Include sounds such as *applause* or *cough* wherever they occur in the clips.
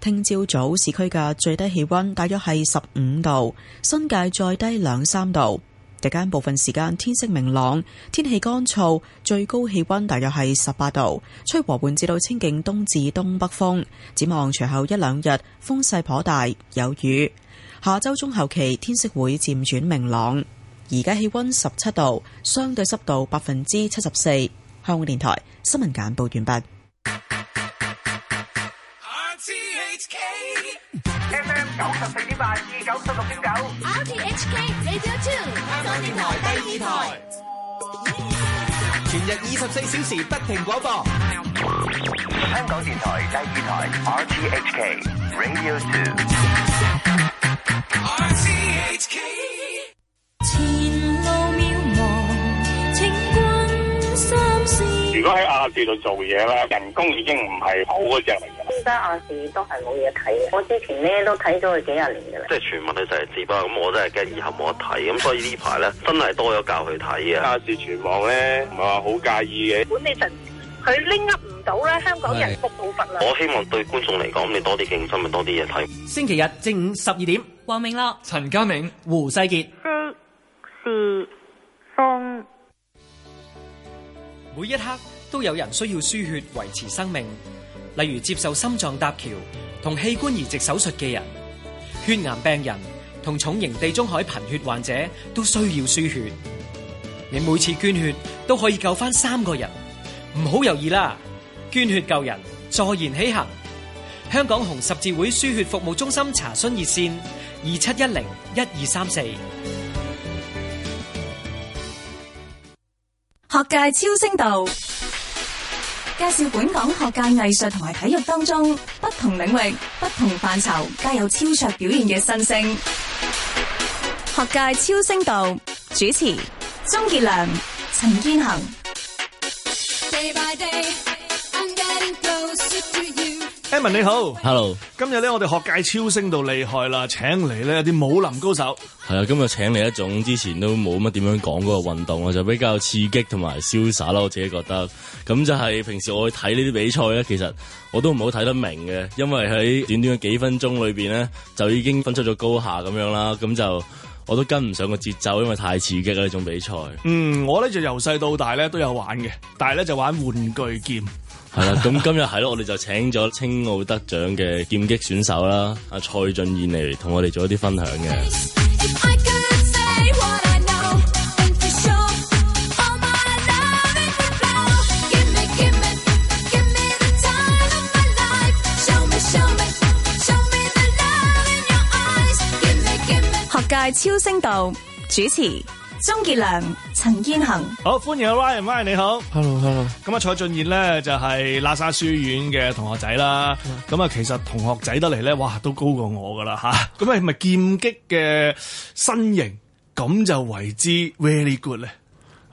聽朝早市區嘅最低氣溫大約係十五度，新界再低兩三度。而間部分時間天色明朗，天氣乾燥，最高氣溫大約係十八度，吹和緩至到清勁東至東北風。展望隨後一兩日風勢頗大，有雨。下周中後期天色會漸轉明朗，而家氣溫十七度，相對濕度百分之七十四。香港電台新聞簡報完畢。九十四點八至九十六點九，RTHK Radio 2，香港電台第二台，全日二十四小時不停播放。香港電台第二台，RTHK Radio 2。如果喺亞視度做嘢啦，人工已經唔係好㗎依家亞視都係冇嘢睇。我之前咧都睇咗佢幾廿年噶啦，即係傳聞咧就係止啦，咁我真係驚以後冇得睇，咁所以呢排咧真係多咗教佢睇啊！亞視全網咧唔係話好介意嘅，管理層佢拎握唔到咧，香港人福冇福啦。是我希望對觀眾嚟講，你多啲競爭咪多啲嘢睇。星期日正午十二點，黃明啦，陳家明、胡世傑、李時松，每一刻都有人需要輸血維持生命。例如接受心臟搭橋同器官移植手術嘅人、血癌病人同重型地中海貧血患者都需要輸血。你每次捐血都可以救翻三個人，唔好猶豫啦！捐血救人，坐言起行。香港紅十字會輸血服務中心查詢熱線：二七一零一二三四。學界超聲道。介紹本港學界、藝術同埋體育當中不同領域、不同範疇皆有超卓表現嘅新星。學界超星道主持：鍾傑良、陳健衡。艾文你好，Hello！今日咧，我哋學界超升到厲害啦，請嚟咧有啲武林高手。係啊，今日請嚟一種之前都冇乜點樣講過嘅運動啊，就比較刺激同埋瀟灑啦。我自己覺得，咁就係平時我去睇呢啲比賽咧，其實我都唔好睇得明嘅，因為喺短短嘅幾分鐘裏邊咧，就已經分出咗高下咁樣啦。咁就我都跟唔上個節奏，因為太刺激啦呢種比賽。嗯，我咧就由細到大咧都有玩嘅，但係咧就玩玩具劍。係啦，咁今日係咯，我哋就請咗青奧得獎嘅劍擊選手啦，阿蔡俊彥嚟同我哋做一啲分享嘅。學界超聲道主持鍾傑良。陳健衡，好歡迎阿 Ryan，Ryan 你好，Hello，Hello，咁啊，hello, hello. 蔡俊彥咧就係、是、喇沙書院嘅同學仔啦，咁啊，其實同學仔得嚟咧，哇，都高過我噶啦吓，咁係咪劍擊嘅身形咁就為之 really good 咧？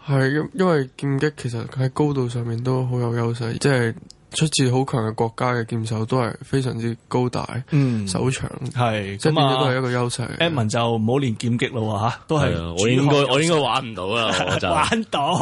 係，因為劍擊其實佢喺高度上面都好有優勢，即、就、係、是。出自好強嘅國家嘅劍手都係非常之高大，嗯、手長係，是即係呢啲都係一個優勢。啊、Evan 就唔好練劍擊咯嚇，都係、啊、我應該勢我應該玩唔到啦。就是、 *laughs* 玩到，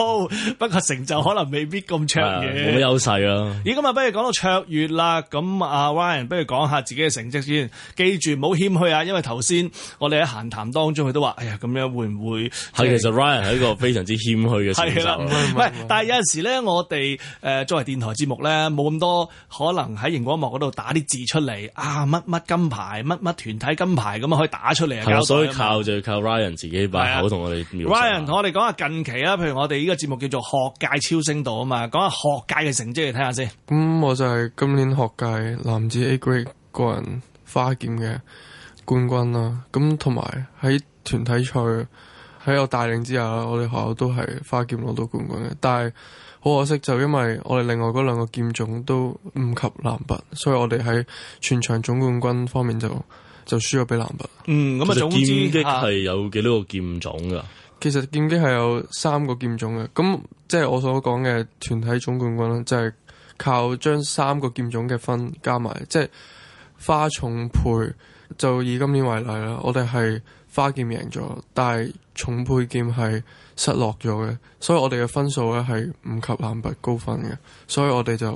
不過成就可能未必咁卓越。冇乜、啊、優勢啦。咦，咁啊，啊不如講到卓越啦。咁阿、啊、Ryan 不如講下自己嘅成績先。記住唔好謙虛啊，因為頭先我哋喺閒談當中佢都話，哎呀，咁樣會唔會、就是？係其實 Ryan 係一個非常之謙虛嘅選手。唔係、 *laughs* 啊，但係有陣時咧，我哋誒作為電台節目咧。冇咁多可能喺熒光幕嗰度打啲字出嚟啊！乜乜金牌，乜乜團體金牌咁啊，可以打出嚟啊。係啊，所以靠就靠 Ryan 自己把口同的我哋。Ryan 同我哋講下近期啦，譬如我哋呢個節目叫做學界超聲度啊嘛，講下學界嘅成績嚟睇下先看看。咁、嗯、我就係今年學界男子 A grade 個人花劍嘅冠軍啦。咁同埋喺團體賽。喺我帶領之下，我哋學校都係花劍攞到冠軍嘅。但係好可惜，就因為我哋另外嗰兩個劍種都唔及男拔，所以我哋喺全場總冠軍方面就就輸咗俾男拔。嗯，咁啊，劍擊係有幾多個劍種噶？其實劍擊係有三個劍種嘅。咁即係我所講嘅團體總冠軍啦，就係、是、靠將三個劍種嘅分加埋，即係花重佩。就以今年為例啦，我哋係。花劍贏咗，但係重配劍係失落咗嘅，所以我哋嘅分數咧係唔及南北高分嘅，所以我哋就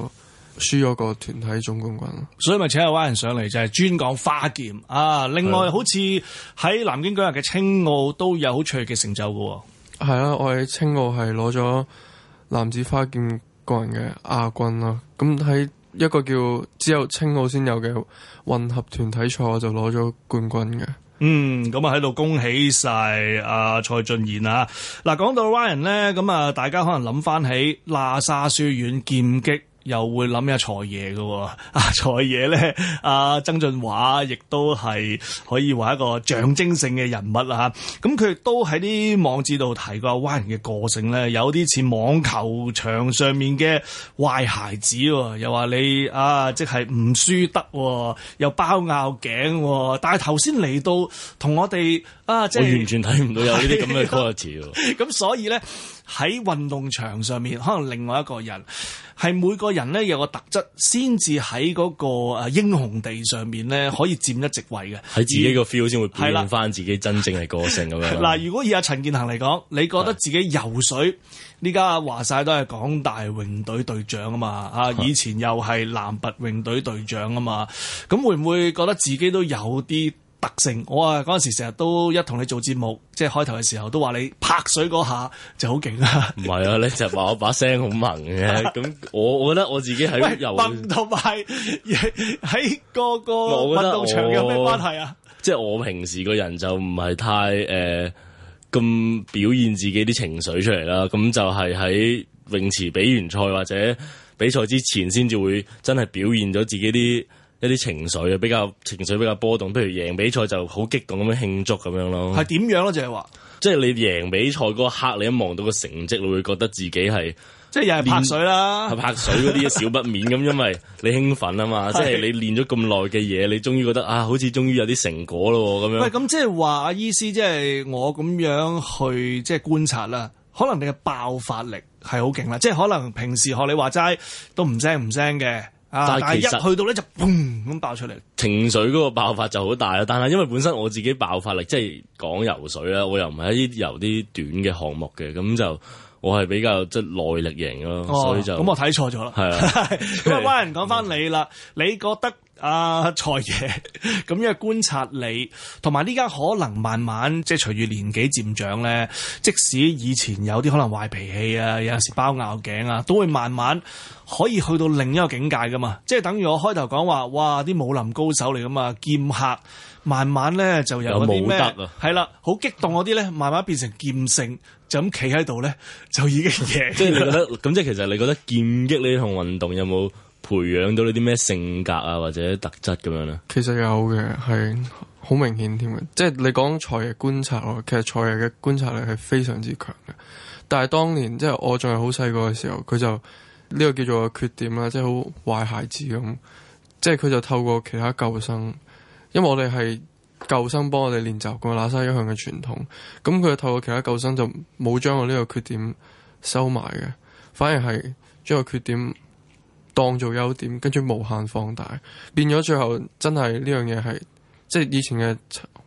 輸咗個團體總冠軍咯。所以咪請阿灣人上嚟就係、是、專講花劍啊！另外，好似喺南京舉行嘅青奧都有好卓越嘅成就嘅喎、哦。係啊，我喺青奧係攞咗男子花劍個人嘅亞軍啦。咁喺一個叫只有青奧先有嘅混合團體賽，我就攞咗冠軍嘅。嗯，咁啊喺度恭喜晒阿、啊、蔡俊彥啊！嗱，講到 Ryan 咧，咁啊大家可能諗翻起喇沙書院劍擊。又會諗下財爺嘅喎，啊財爺咧，阿、啊、曾俊華亦都係可以話一個象徵性嘅人物啦、啊、嚇，咁佢亦都喺啲網誌度提過阿灣人嘅個性咧，有啲似網球場上面嘅壞孩子喎、哦，又話你啊即係唔輸得、哦，又包拗頸、哦，但係頭先嚟到同我哋啊，即係我完全睇唔到有呢啲咁嘅 quality 喎，咁所以咧。 *laughs* 啊 *laughs* 啊 *laughs* 啊喺運動場上面，可能另外一個人係每個人呢有個特質，先至喺嗰個英雄地上面呢可以佔一席位嘅。喺以以自己個 feel 先會表現翻自己真正嘅個性咁樣。嗱， *laughs* 如果以阿陳健衡嚟講，你覺得自己游水，呢家話晒都係港大泳隊隊長啊嘛，啊是的 以前又係南拔泳隊隊長啊嘛，咁會唔會覺得自己都有啲？特性，我啊嗰陣時成日都一同你做節目，即係開頭嘅時候都話你拍水嗰下就好勁啊！唔係啊，你就話我把聲好萌嘅，咁我我覺得我自己喺游泳同埋喺個個運動場有咩關係啊？即係我，我，就係、我平時個人就唔係太誒咁、呃、表現自己啲情緒出嚟啦，咁就係喺泳池比完賽或者比賽之前先至會真係表現咗自己啲。啲情緒啊，比較情緒比較波動，譬如贏比賽就好激動咁樣慶祝咁樣咯。係點樣咯，啊？就係話，即係你贏比賽嗰刻，你一望到個成績，你會覺得自己係，即係又係拍水啦，係拍水嗰啲少不免咁， *laughs* 因為你興奮啊嘛，是即係你練咗咁耐嘅嘢，你終於覺得啊，好似終於有啲成果咯咁樣。喂，咁即係話，阿醫師即係我咁樣去即係觀察啦，可能你嘅爆發力係好勁啦，即係可能平時學你話齋都唔聲唔聲嘅。但係一去到咧就嘣咁爆出嚟，情緒個爆發就好大啦。但係因為本身我自己爆發力即係講游水啦，我又唔係一啲游啲短嘅項目嘅，咁就我係比較即係耐力型咯，哦、所以就咁我睇錯咗啦。係啊，咁 *laughs* 啊，灣人講翻你啦， *laughs* 你覺得？阿蔡爺咁因為觀察你，同埋呢家可能慢慢即係隨住年紀漸長咧，即使以前有啲可能壞脾氣啊，有陣時包拗頸啊，都會慢慢可以去到另一個境界噶嘛。即係等於我開頭講話，哇！啲武林高手嚟噶嘛，劍客慢慢咧就有啲咩啊，係啦，好激動嗰啲咧，慢慢變成劍聖，就咁企喺度咧，就已經贏。即係你覺得咁，即係 *laughs* 其實你覺得劍擊呢項運動有冇？培養到你啲咩性格啊，或者特質咁樣咧？其實有嘅，係好明顯添嘅。即係你講蔡爺觀察，我其實蔡爺嘅觀察力係非常之強嘅。但係當年即係我仲係好細個嘅時候，佢就呢個叫做個缺點啦，即係好壞孩子咁。即係佢就透過其他舊生，因為我哋係舊生幫我哋練習過喇沙一向嘅傳統。咁佢就透過其他舊生就冇將我呢個缺點收埋嘅，反而係將個缺點。當做優點，跟住無限放大，變咗最後真係呢樣嘢係，即係以前嘅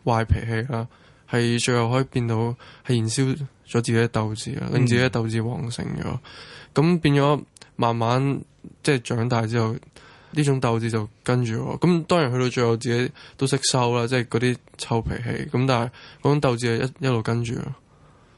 壞脾氣啦，係最後可以變到係燃燒咗自己嘅鬥志啦，令自己嘅鬥志旺盛咗。咁、嗯、變咗慢慢即係長大之後，呢種鬥志就跟住我。咁當然去到最後自己都識收啦，即係嗰啲臭脾氣。咁但係嗰種鬥志係一一路跟住咯。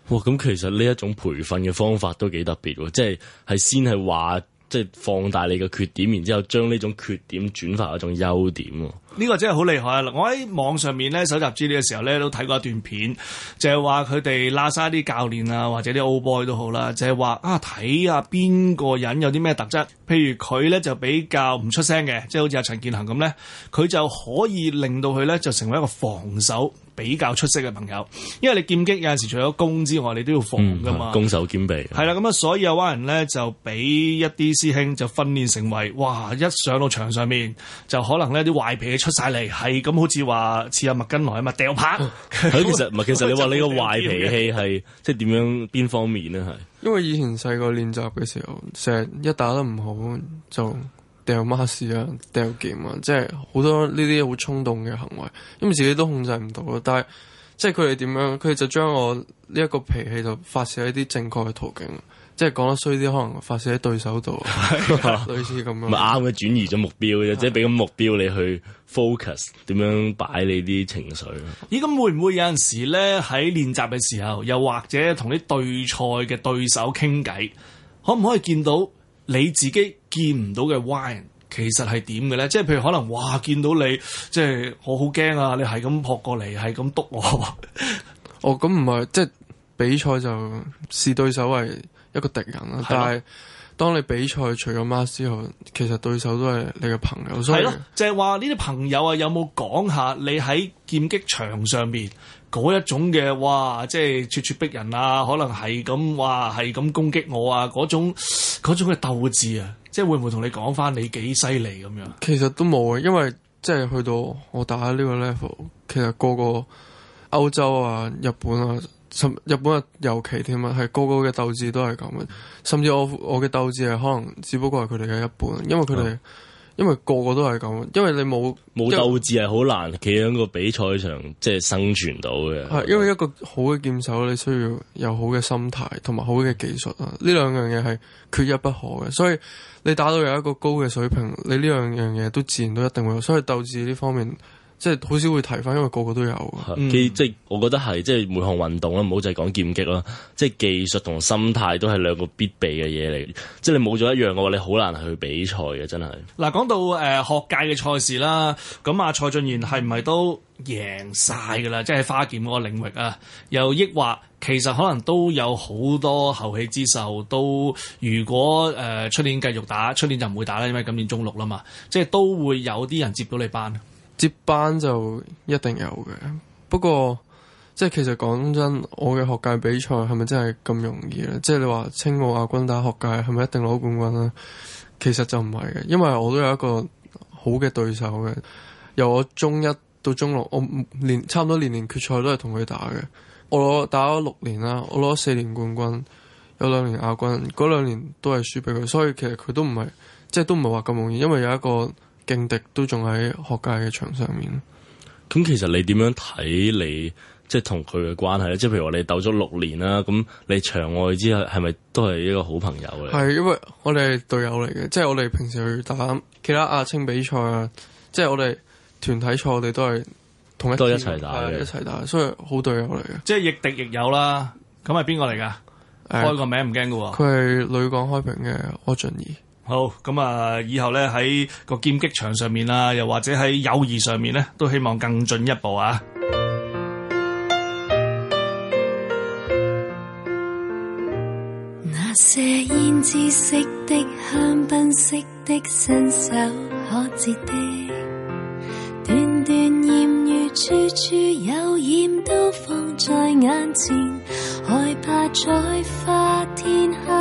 哇！咁其實呢一種培訓嘅方法都幾特別，即係係先係話。即係放大你個缺點，然之後將呢種缺點轉化一種優點。呢個真係好厲害啊！我喺網上面咧搜集資料嘅時候咧，都睇過一段片，就係話佢哋喇沙啲教練啊，或者啲 old boy 都好啦，就係、是、話啊，睇下邊個人有啲咩特質。譬如佢咧就比較唔出聲嘅，即係好似阿陳健衡咁咧，佢就可以令到佢咧就成為一個防守，比較出色嘅朋友，因為你劍擊有陣時除咗攻之外，你都要防噶嘛、嗯，攻守兼備。係啦，咁啊，所以有班人咧就俾一啲師兄就訓練成為，哇！一上到場上面就可能咧啲壞脾氣出晒嚟，係咁好似話似阿麥根來啊嘛，掉拍。 *laughs* *laughs* 其實唔係，其實你話你，說你個壞脾氣係即係點樣邊方面咧係？因為以前細個練習嘅時候，成日一打得唔好就。掉 mask 啊，掉劍啊，即係好多呢啲好衝動嘅行為，因為自己都控制唔到咯。但係即係佢哋點樣，佢哋就將我呢一個脾氣就發洩喺啲正確嘅途徑，即係講得衰啲，可能發洩喺對手度， *laughs* 類似咁樣。咪啱嘅轉移咗目標，對 即係俾個目標你去 focus，點樣擺你啲情緒。咦，咁會唔會有陣時咧喺練習嘅時候，又或者同啲對賽嘅對手傾偈，可唔可以見到你自己？見唔到嘅 Y，其實係點嘅咧？即係譬如可能，哇！見到你，即係我好驚啊！你係咁撲過嚟，係咁督我。哦，咁唔係，即係比賽就視對手為一個敵人啦。的但係當你比賽除咗 mask 之後，其實對手都係你嘅朋友。所以，係咯，就係話呢啲朋友啊，有冇講下你喺劍擊場上邊？嗰一種嘅，哇！即係咄咄逼人啊，可能係咁，哇，係咁攻擊我啊！嗰種嗰種嘅鬥志啊，即係會唔會同你講翻你幾犀利咁樣？其實都冇啊，因為即係去到我打呢個 level，其實個個歐洲啊、日本啊，甚日本尤其添啊，係個個嘅鬥志都係咁嘅。甚至我我嘅鬥志係可能只不過係佢哋嘅一半，因為佢哋。嗯。因為個個都係咁，因為你冇冇鬥志係好難企喺個比賽上即係、就是、生存到嘅。係對因為一個好嘅劍手，你需要有好嘅心態同埋好嘅技術啊，呢兩樣嘢係缺一不可嘅。所以你打到有一個高嘅水平，你呢兩樣嘢都自然都一定會有。所以鬥志呢方面。即係好少會提翻，因為個個都有。嗯、即係我覺得係，即係每項運動咧，唔好就係講劍擊啦。即係技術同心態都係兩個必備嘅嘢嚟。即係你冇咗一樣嘅話，你好難去比賽嘅，真係。嗱，講到誒學界嘅賽事啦，咁阿、啊、蔡俊彥係唔係都贏晒噶啦？即係花劍嗰個領域啊，又抑或其實可能都有好多後起之秀都。都如果誒出、呃、年繼續打，出年就唔會打啦，因為今年中六啦嘛。即係都會有啲人接到你班。接班就一定有嘅，不過即係其實講真，我嘅學界比賽係咪真係咁容易咧？即係你話青奧亞軍打學界係咪一定攞冠軍咧？其實就唔係嘅，因為我都有一個好嘅對手嘅，由我中一到中六，我年差唔多年年決賽都係同佢打嘅。我攞打咗六年啦，我攞咗四年冠軍，有兩年亞軍，嗰兩年都係輸俾佢，所以其實佢都唔係，即係都唔係話咁容易，因為有一個。勁敵都仲喺學界嘅場上面。咁其實你點樣睇你即係同佢嘅關係咧？即係譬如話你鬥咗六年啦，咁你場外之後係咪都係一個好朋友咧？係。因為我哋係隊友嚟嘅，即係我哋平時去打其他亞青比賽啊，即係我哋團體賽我哋都係同一都係一齊打一齊打，所以好隊友嚟嘅。即係亦敵亦友啦。咁係邊個嚟噶？哎、開個名唔驚噶？佢係旅港開平嘅柯俊怡。好，咁啊，以後咧，喺個劍擊場上面啊，又或者喺友誼上面、啊、咧，都希望更進一步啊！那些胭脂色的、香檳色的、伸手可及的，段段艷遇、處處有染，都放在眼前，害怕再花天下。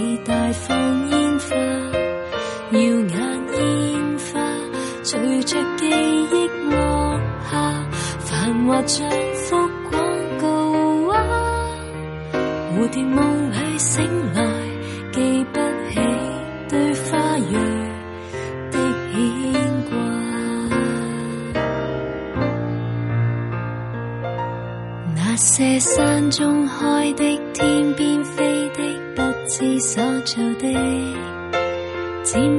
你大放煙花，耀眼煙花，隨着記憶落下，繁華像幅廣告畫，蝴蝶夢。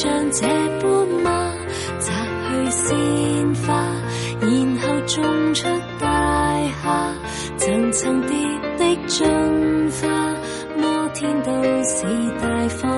像這般嗎？摘去鮮花，然後種出大廈，層層疊的進化，摩天都市大廈。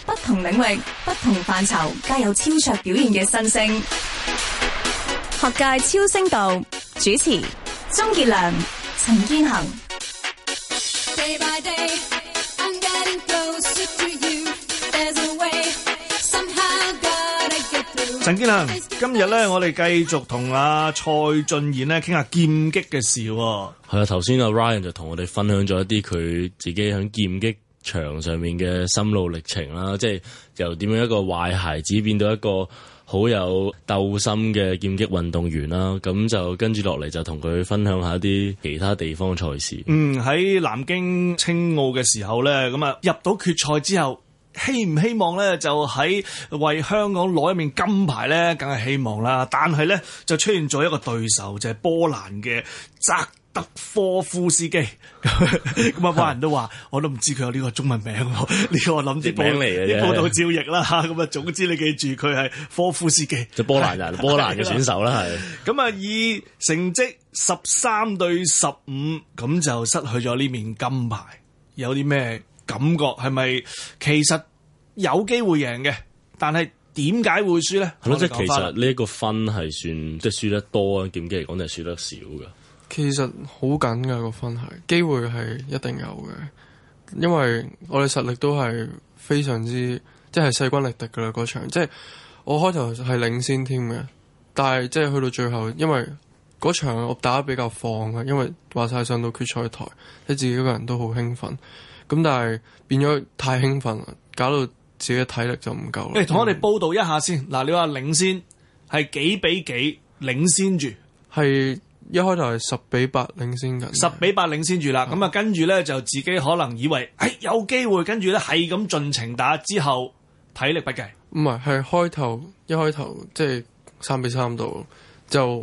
同領域、不同範疇皆有超卓表現嘅新星，學界超星度主持鍾傑良、陳健衡。陳健衡，今日咧，我哋繼續同阿蔡俊彥咧傾下劍擊嘅事。係啊，頭先阿 Ryan 就同我哋分享咗一啲佢自己喺劍擊。場上面嘅心路歷程啦，即係由點樣一個壞孩子變到一個好有鬥心嘅劍擊運動員啦，咁就，就跟住落嚟就同佢分享一下啲其他地方賽事。嗯，喺南京青奧嘅時候呢，咁啊，入到決賽之後，希唔希望呢就喺為香港攞一面金牌呢？梗係希望啦。但係呢，就出現咗一個對手，就係波蘭嘅扎德科夫斯基咁啊，班 *laughs* 人都話， *laughs* 我都唔知佢有呢個中文名。呢 *laughs* 個諗啲報嚟嘅啫，報道照譯啦咁啊， *laughs* 總之你記住佢係科夫斯基，就波蘭人， *laughs* 波蘭嘅選手啦係。咁啊，以成績十三對十五，咁就失去咗呢面金牌。有啲咩感覺？係咪其實有機會贏嘅？但係點解會輸咧？係咯，即係其實呢一個分係算，算，即係輸得多啊。點計嚟講，係輸得少噶。其實好緊噶個分係，機會係一定有嘅，因為我哋實力都係非常之，即係勢均力敵噶啦嗰場，即係我開頭係領先添嘅，但係即係去到最後，因為嗰場我打得比較放啊，因為話晒上到決賽台，你自己一個人都好興奮，咁但係變咗太興奮啦，搞到自己嘅體力就唔夠。誒，同我哋報道一下先，嗱，你話領先係幾比幾領先住係？一開頭係十比八領先嘅，十比八領先住啦，咁啊跟住咧，就自己可能以為誒、哎、有機會，跟住咧係咁盡情打之後體力不繼，唔係係開頭一開頭即係三比三度，就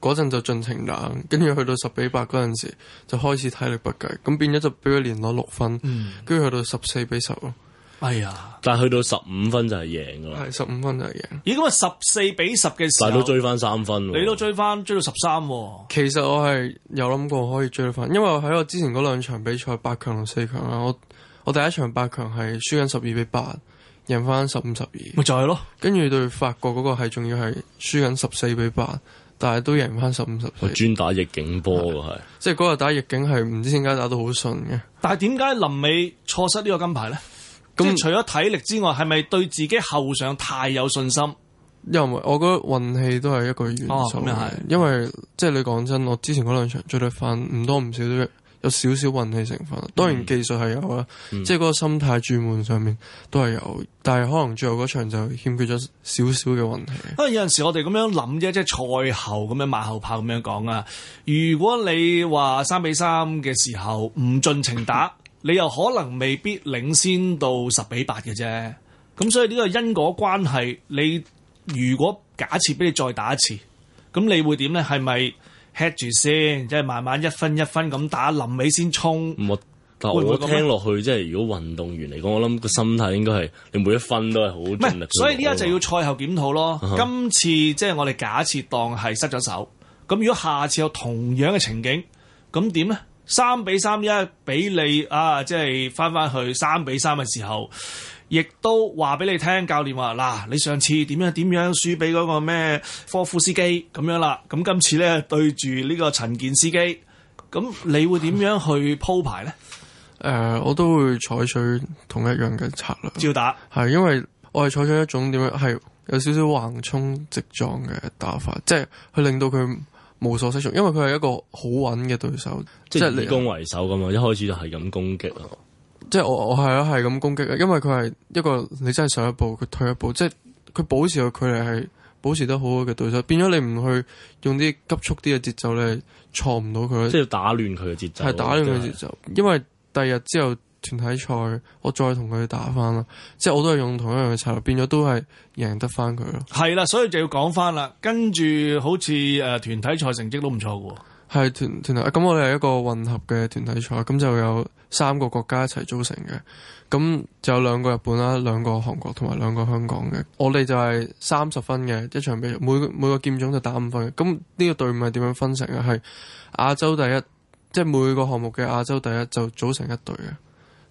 嗰陣就盡情打，跟住去到十比八嗰陣時就開始體力不繼，咁變咗就俾佢連攞六分，跟住、嗯、去到十四比十咯。哎呀，但係去到十五分就係贏噶啦，係十五分就贏。咦、啊，咁啊十四比十嘅時候，但係都追翻三分，你都追翻追到十三、啊。其實我係有諗過可以追翻，因為喺我,我之前嗰兩場比賽八強同四強啊。我我第一場八強係輸緊十二比八，贏翻十五十二。咪就係咯，跟住對法國嗰個係仲要係輸緊十四比八，但係都贏翻十五十四。專打逆境波噶係，即係嗰日打逆境係唔知點解打到好順嘅。但係點解臨尾錯失呢個金牌咧？咁除咗體力之外，係咪對自己後上太有信心？因為唔，我覺得運氣都係一個因素。係、哦，因為即係你講真，我之前嗰兩場最對翻，唔多唔少都有少少運氣成分。當然技術係有啦，嗯、即係嗰個心態轉換上面都係有，嗯、但係可能最後嗰場就欠缺咗少少嘅運氣。因為、啊、有陣時我哋咁樣諗啫，即係賽後咁樣馬後炮咁樣講啊。如果你話三比三嘅時候唔盡情打。 *laughs* 你又可能未必領先到十比八嘅啫，咁所以呢個因果關係，你如果假設俾你再打一次，咁你會點咧？係咪 hedge 住先，即係慢慢一分一分咁打，臨尾先衝？唔係我，嗱我聽落去即係如果運動員嚟講，我諗個心態應該係你每一分都係好。唔係，所以呢下就要賽後檢討咯。Uh huh. 今次即係我哋假設當係失咗手，咁如果下次有同樣嘅情景，咁點咧？三比三一俾你啊！即係翻翻去三比三嘅時候，亦都話俾你聽，教練話嗱、啊，你上次點樣點樣輸俾嗰個咩科夫斯基咁樣啦？咁今次呢，對住呢個陳健司機，咁你會點樣去鋪排呢？誒、呃，我都會採取同一樣嘅策略，照打。係因為我係採取一種點樣係有少少橫衝直撞嘅打法，即係去令到佢。無所適從，因為佢係一個好穩嘅對手，即係以攻為守噶嘛，一開始就係咁攻擊咯。即係我我係呀係咁攻擊，因為佢係一個你真係上一步佢退一步，即係佢保持嘅距離係保持得好好嘅對手，變咗你唔去用啲急速啲嘅節奏咧，錯唔到佢，即係打亂佢嘅節奏，係打亂佢嘅節奏，因為第二日之後。團體賽我再同佢打翻啦，即係我都係用同一樣嘅策略，變咗都係贏得翻佢咯。係啦，所以就要講翻啦。跟住好似誒團體賽成績都唔錯嘅，係團團體咁、啊、我哋係一個混合嘅團體賽，咁就有三個國家一齊組成嘅，咁就有兩個日本啦，兩個韓國同埋兩個香港嘅。我哋就係三十分嘅一場比賽，每每個劍種就打五分嘅。咁呢個隊伍係點樣分成嘅？係亞洲第一，即係每個項目嘅亞洲第一就組成一隊嘅。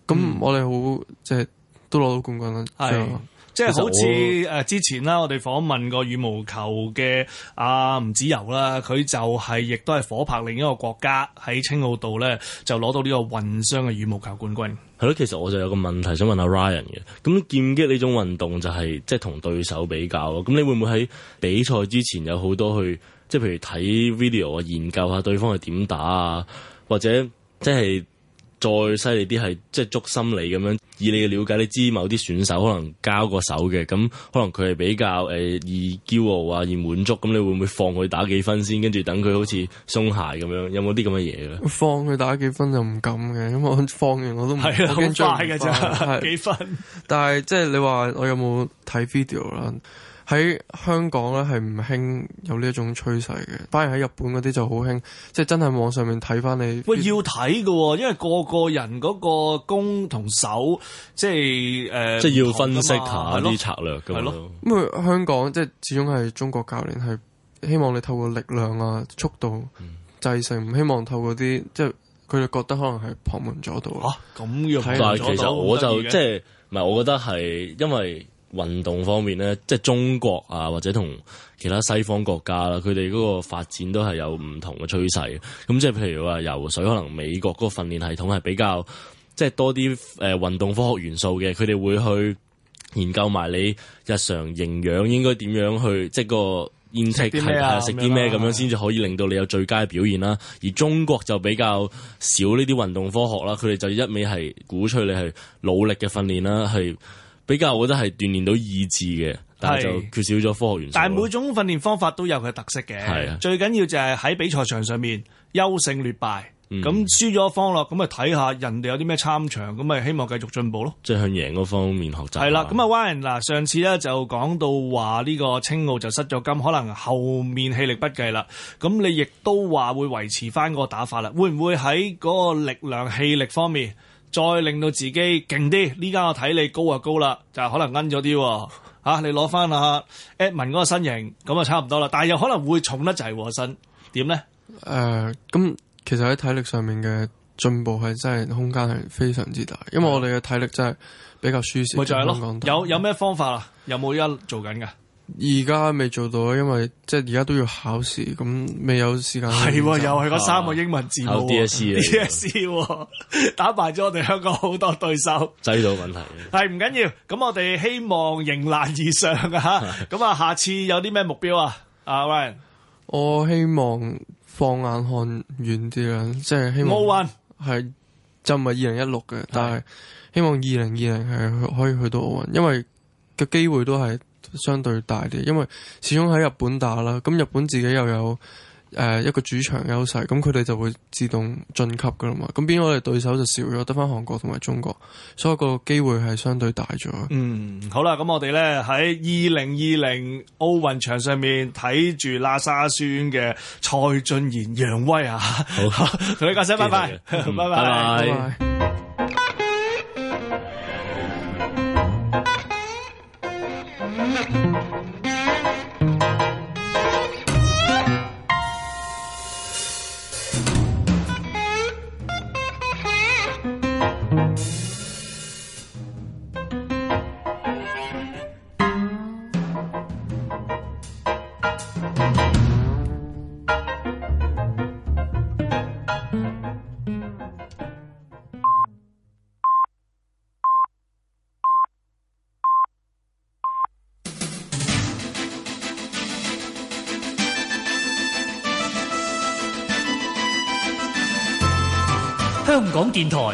咁、嗯、我哋好即係都攞到冠軍啦，係即係好似誒之前啦，我哋訪、啊、問過羽毛球嘅阿吳芷柔啦，佢、啊、就係、是、亦都係火拍另一個國家喺青奧度咧就攞到呢個混雙嘅羽毛球冠軍。係咯，其實我就有個問題想問下 Ryan 嘅，咁劍擊呢種運動就係即係同對手比較咯，咁你會唔會喺比賽之前有好多去即係譬如睇 video 啊，研究下對方係點打啊，或者即係，就是再犀利啲係即係捉心理咁樣，以你嘅了解，你知某啲選手可能交過手嘅，咁可能佢係比較誒易、呃、驕傲啊，易滿足，咁你會唔會放佢打幾分先，跟住等佢好似鬆懈咁樣？有冇啲咁嘅嘢咧？放佢打幾分就唔敢嘅，因為我放完我都唔驚敗嘅啫，的幾分是。 *laughs* 但係即係你話我有冇睇 video 啦？喺香港咧係唔興有呢一種趨勢嘅，反而喺日本嗰啲就好興，即、就、係、是、真係網上面睇翻你。喂，要睇嘅、哦，因為個個人嗰個攻同守，即係誒，呃、即係要分析下啲策略咁咯。咁咯咯香港即係、就是、始終係中國教練係希望你透過力量啊、速度、嗯、制勝，唔希望透過啲即係佢哋覺得可能係旁門左道。嚇、啊，咁樣？但係其實我就即係唔係？我覺得係因為。運動方面咧，即係中國啊，或者同其他西方國家啦，佢哋嗰個發展都係有唔同嘅趨勢。咁即係譬如話游水，可能美國嗰個訓練系統係比較即係多啲誒運動科學元素嘅，佢哋會去研究埋你日常營養應該點樣去，即係個 intake 係食啲咩咁樣，先至可以令到你有最佳表現啦。而中國就比較少呢啲運動科學啦，佢哋就一味係鼓吹你係努力嘅訓練啦，係。比較我覺得係鍛煉到意志嘅，但係就缺少咗科學元素。但係每種訓練方法都有佢特色嘅，的最緊要就係喺比賽場上面優勝劣敗，咁輸咗方咯，咁咪睇下人哋有啲咩參詳，咁咪希望繼續進步咯。即係向贏嗰方面學習。係啦，咁啊，Ryan 嗱，上次咧就講到話呢個青奧就失咗金，可能後面氣力不繼啦，咁你亦都話會維持翻個打法啦，會唔會喺嗰個力量氣力方面？再令到自己勁啲，呢家，我睇你高就高啦，就可能奀咗啲，吓、啊、你攞翻阿 Edmond 嗰個身形，咁啊，差唔多啦，但係又可能會重得就係和身，點咧？誒、呃、咁、嗯、其實喺體力上面嘅進步係真係空間係非常之大，因為我哋嘅體力真係比較舒適。咪、嗯、就咯有，有有咩方法啊？有冇而家做緊噶？而家未做到因為，即係而家都要考試，咁未有時間。係啊，又係嗰三個英文字母啊。啊，DSC，DSC，啊，打敗咗我哋香港好多對手。制度問題。係唔緊要，咁我哋希望迎難而上啊！咁啊，下次有啲咩目標啊？阿 Ryan，我希望放眼看遠啲啦，即係希望。奧運係就唔係二零一六嘅，但係希望二零二零係可以去到奧運，因為嘅機會都係。相對大啲，因為始終喺日本打啦，咁日本自己又有誒、呃、一個主場優勢，咁佢哋就會自動晉級噶啦嘛，咁變咗我哋對手就少咗，得返韓國同埋中國，所以個機會係相對大咗。嗯，好啦，咁我哋呢喺二零二零奧運場上面睇住喇沙宣嘅蔡俊彥揚威啊！同好 *laughs* 你交手，拜拜，嗯、拜拜。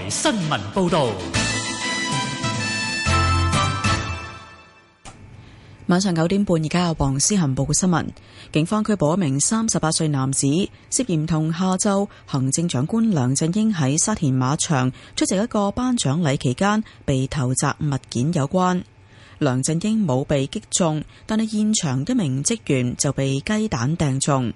新聞報道。晚上九點半，而家由黃思恒報嘅新聞。警方拘捕一名三十八歲男子，涉嫌同下晝行政長官梁振英喺沙田馬場出席一個頒獎禮期間被投擲物件有關。梁振英冇被擊中，但係現場一名職員就被雞蛋掟中。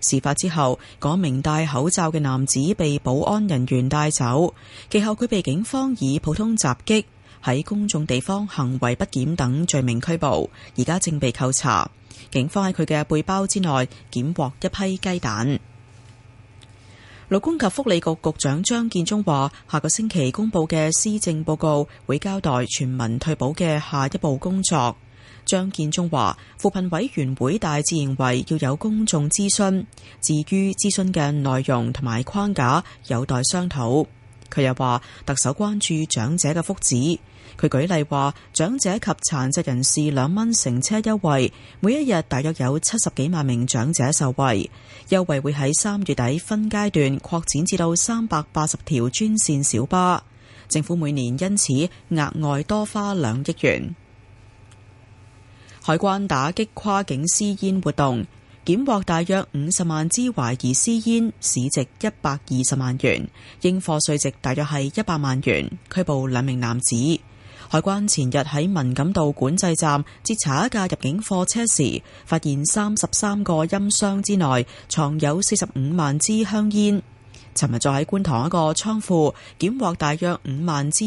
事發之後，嗰名戴口罩嘅男子被保安人員帶走，其後佢被警方以普通襲擊、喺公眾地方行為不檢等罪名拘捕，而家正被扣查。警方喺佢嘅背包之內檢獲一批雞蛋。勞工及福利局局長張建忠話，下個星期公佈嘅施政報告會交代全民退保嘅下一步工作。張建宗話：扶貧委員會大致認為要有公眾諮詢，至於諮詢嘅內容同埋框架有待商討。佢又話特首關注長者嘅福祉。佢舉例話，長者及殘疾人士兩蚊乘車優惠，每一日大約有七十幾萬名長者受惠。優惠會喺三月底分階段擴展至到三百八十條專線小巴。政府每年因此額外多花兩億元。海關打擊跨境私煙活動，檢獲大約五十萬支懷疑私煙，市值一百二十萬元，應課稅值大約係一百萬元，拘捕兩名男子。海關前日喺文錦渡管制站截查一架入境貨車時，發現三十三個音箱之內藏有四十五萬支香煙。尋日再喺觀塘一個倉庫檢獲大約五萬支。